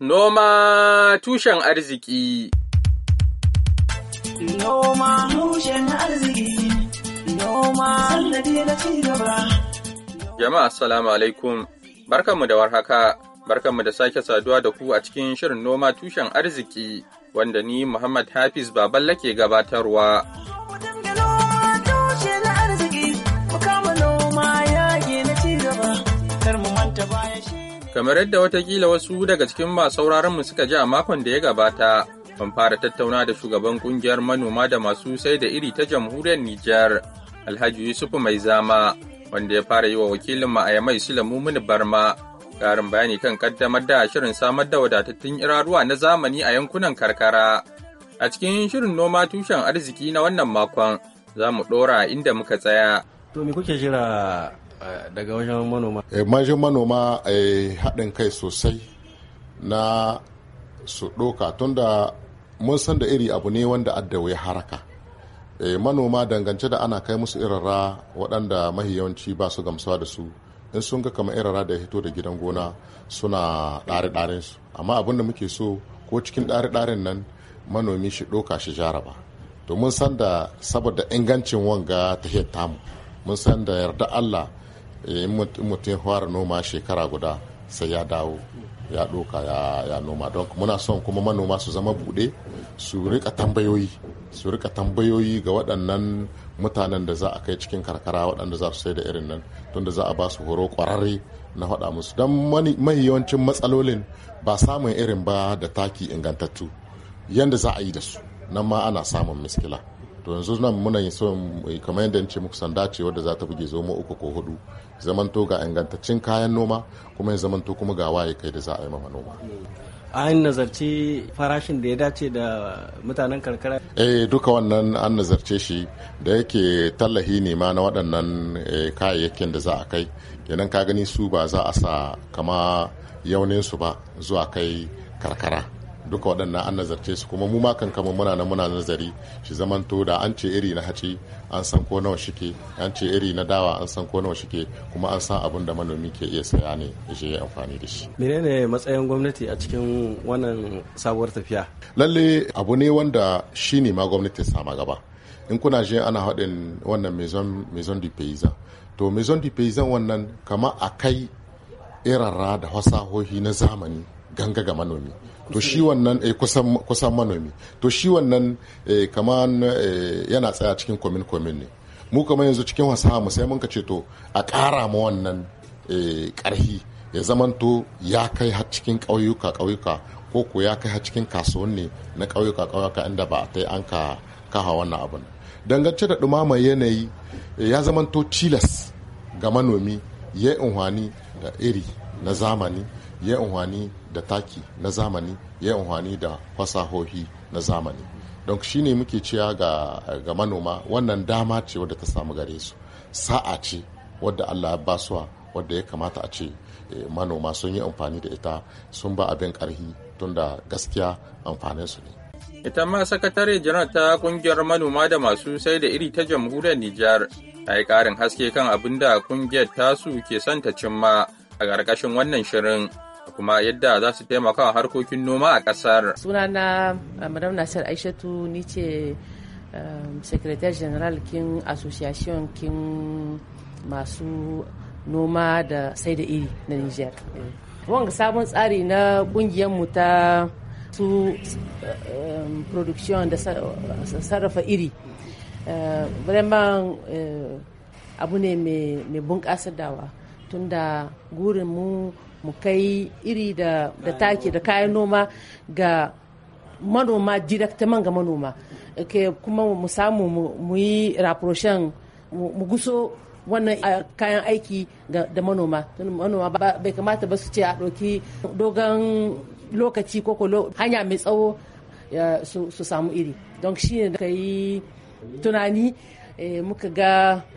Noma tushen arziki Noma tushen arziki Noma na gaba Jama'a Salamu alaikum barkanmu da warhaka barkanmu da sake saduwa da ku a cikin shirin noma tushen arziki wanda ni Muhammad Hafiz Baballa ke gabatarwa. Kamar yadda watakila wasu daga cikin masu mu suka ji a makon da ya gabata, mun fara tattauna da shugaban kungiyar manoma da masu sai da iri ta jamhuriyar Nijar, Alhaji Yusuf Mai Zama, wanda ya fara yi wa wakilin mu a mai Silamu Muni Barma, karin bayani kan kaddamar da shirin samar da wadatattun iraruwa na zamani a yankunan karkara. A cikin shirin noma tushen arziki na wannan makon, za mu ɗora inda muka tsaya. To me kuke jira daga wajen manoma eh, majin manoma eh, haɗin kai sosai na su ɗoka tunda mun san da iri abu ne wanda adda ya haraka eh, manoma dangance da ana kai musu irara waɗanda mahiyawanci ba su gamsuwa da su in sun ga kamar irara da ya hito da gidan gona suna ɗare-ɗaren su amma abin da muke so ko cikin ɗare-ɗaren nan manomi shi ɗoka shi jaraba domin san da saboda ingancin wanga ta tamu mun san da yarda allah Eh, in mutum ya fara noma shekara guda sai ya dawo ya doka ya noma don muna son kuma manoma su zama buɗe su rika tambayoyi su rika tambayoyi ga waɗannan mutanen da za a kai cikin karkara waɗanda za su sai da irin nan tun da za a ba su horo kwararre na haɗa musu don mai yawancin matsalolin ba samun irin ba da taki ingantattu yadda za a yi da su nan ma ana samun miskila to yanzu nan muna so eh, kamar yadda ce muku sanda ce wadda za ta buge zomo uku ko hudu zamanto ga ingantaccen kayan noma kuma ya zamanto kuma ga waye kai da za a yi mama noma a' yin nazarci farashin da ya dace da mutanen karkara eh duka wannan an nazarce shi da yake tallahi ne ma na waɗannan eh, kayayyakin da za a kai kenan ka gani su ba za a sa kama yaunin su ba zuwa kai karkara duka waɗannan an nazarce su kuma mu makan kama muna nan muna nazari shi zamanto da an ce iri na haci an san ko nawa shike an ce iri na dawa an san ko nawa shike kuma an san abin da manomi ke iya saya ne shi ya amfani da shi menene matsayin gwamnati a cikin wannan sabuwar tafiya lalle abu ne wanda shi ne ma gwamnati sama gaba in kuna je ana haɗin wannan maison du paysan to maison du paysan wannan kama a kai irara da fasahohi na zamani ganga ga manomi to shi wannan eh, kusan, manomi to shi wannan eh, kaman eh, yana tsaya cikin komin komin ne mu kamar yanzu cikin wasu mu sai mun ka ce to a ƙara ma wannan eh, ya zamanto ya kai har cikin ƙauyuka ƙauyuka ko ko ya kai har cikin kasuwanni na ƙauyuka ƙauyuka inda ba a ta an ka kaha wannan abun. dangance da dumama yanayi eh, ya zamanto tilas ga manomi ya yi unhwani da iri na zamani ya unhwani da taki na zamani ya unhwani da fasahohi na zamani don shi ne muke cewa ga, manoma wannan dama ce wadda ta samu gare su sa'a ce wadda allah ya basuwa wadda ya kamata a ce eh, manoma sun yi amfani da ita sun ba abin karhi tunda gaskiya amfanin su ne ita ma sakatare janar ta kungiyar manoma da masu sai da iri ta jamhuriyar Nijar ta yi karin haske kan abin da kungiyar tasu ke son ta cimma a ƙarƙashin wannan shirin kuma yadda za su taimaka harkokin noma a ƙasar. na uh, Madam Nasir Aishatu ni ce um, Secretary General kin Association kin masu noma da sai da iri na Niger. Mm. Wanga sabon tsari na mu ta su um, production da uh, sarrafa iri. Uh, vraiment abu ne mai bunƙasar dawa tunda gurin mu mu kai iri da taki da kayan noma ga manoma directement ga manoma kuma mu samu mu yi rapprochen mu guso wannan kayan aiki da manoma manoma bai kamata ba su ce a ɗauki dogon lokaci ko hanya mai tsawo su samu iri don shi ne da yi tunani eh, muka ga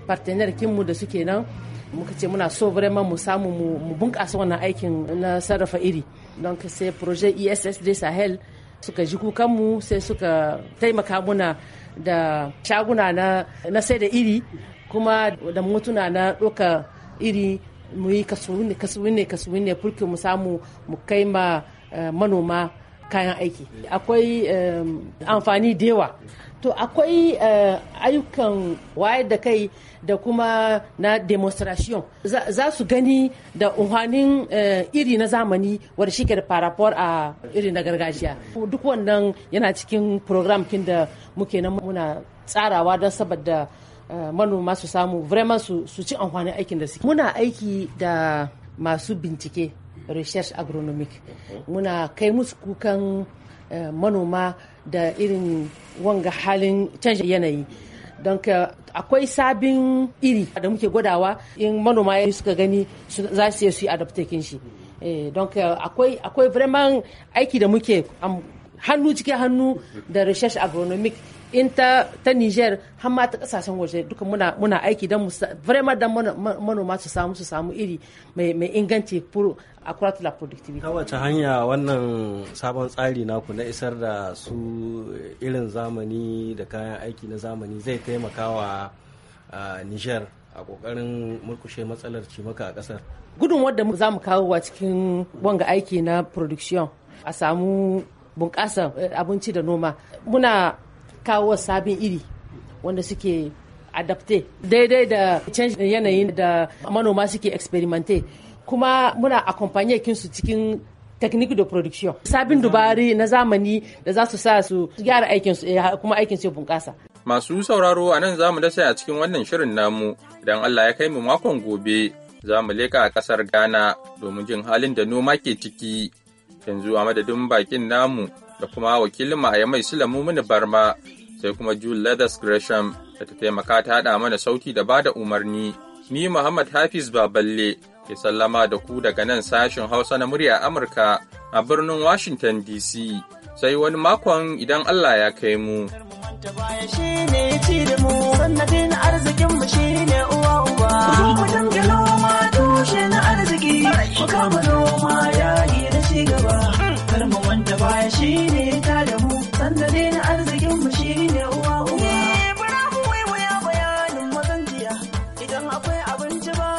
partenarkinmu da suke nan muka ce muna so vraiment mu samu mu bunƙasa wannan aikin na sarrafa iri don sai projet ESS de sahel suka ji kukanmu sai suka taimaka muna da shaguna na sai da iri kuma da motuna na ɗoka iri mu yi kasuwin ne kasuwin ne kasuwin mu samu mu kai ma manoma kayan aiki akwai ehm, amfani da yawa to akwai eh, ayyukan wayar da kai da kuma na demonstration za su gani da unhanin eh, iri na zamani wadda shi ke da parafor a iri na gargajiya duk wannan yana cikin program kin da muke nan muna tsarawa don saboda eh, manoma su samu vraiment su ci amfanin aikin da suke muna aiki da masu bincike research agronomic muna kai musu kukan eh, manoma da irin wanga halin canjin yanayi don akwai sabin iri da muke gwadawa in manoma ya suka gani za su yi adaptakin shi eh, don akwai akwai aiki da muke hannu cikin hannu da research agronomic in ta ta Niger har ma ta kasashen waje duka muna muna aiki dan mu vraiment dan manoma su samu su samu iri mai mai inganci pour accroître la productivity ta wace hanya wannan sabon tsari naku na isar da su irin zamani da kayan aiki na zamani zai taimakawa Niger a kokarin murkushe matsalar cimaka a kasar gudun wadda za mu kawo wa cikin wanga aiki na production a samu bunƙasa eh, abinci da noma muna kawo sabin iri wanda suke adapte daidai da canjin yanayin da manoma suke experimente kuma muna accompagne kinsu cikin technique de production sabin dubari na zamani da za su sa su gyara aikin su eh, kuma aikin ya bunƙasa masu sauraro a nan za mu dasa a cikin wannan shirin namu idan allah ya kai mu makon gobe za mu leka a ƙasar ghana domin jin halin da noma ke ciki yanzu a madadin bakin namu da kuma wakilin a mai silamu mini barma sai kuma Jule Leathers Gresham da ta taimaka ta haɗa mana sauti da bada umarni. Ni Muhammad Hafiz Baballe ke sallama da ku daga nan sashen Hausa na murya Amurka a birnin Washington DC. Sai wani makon idan Allah ya kai mu. arzikin mu shine uwa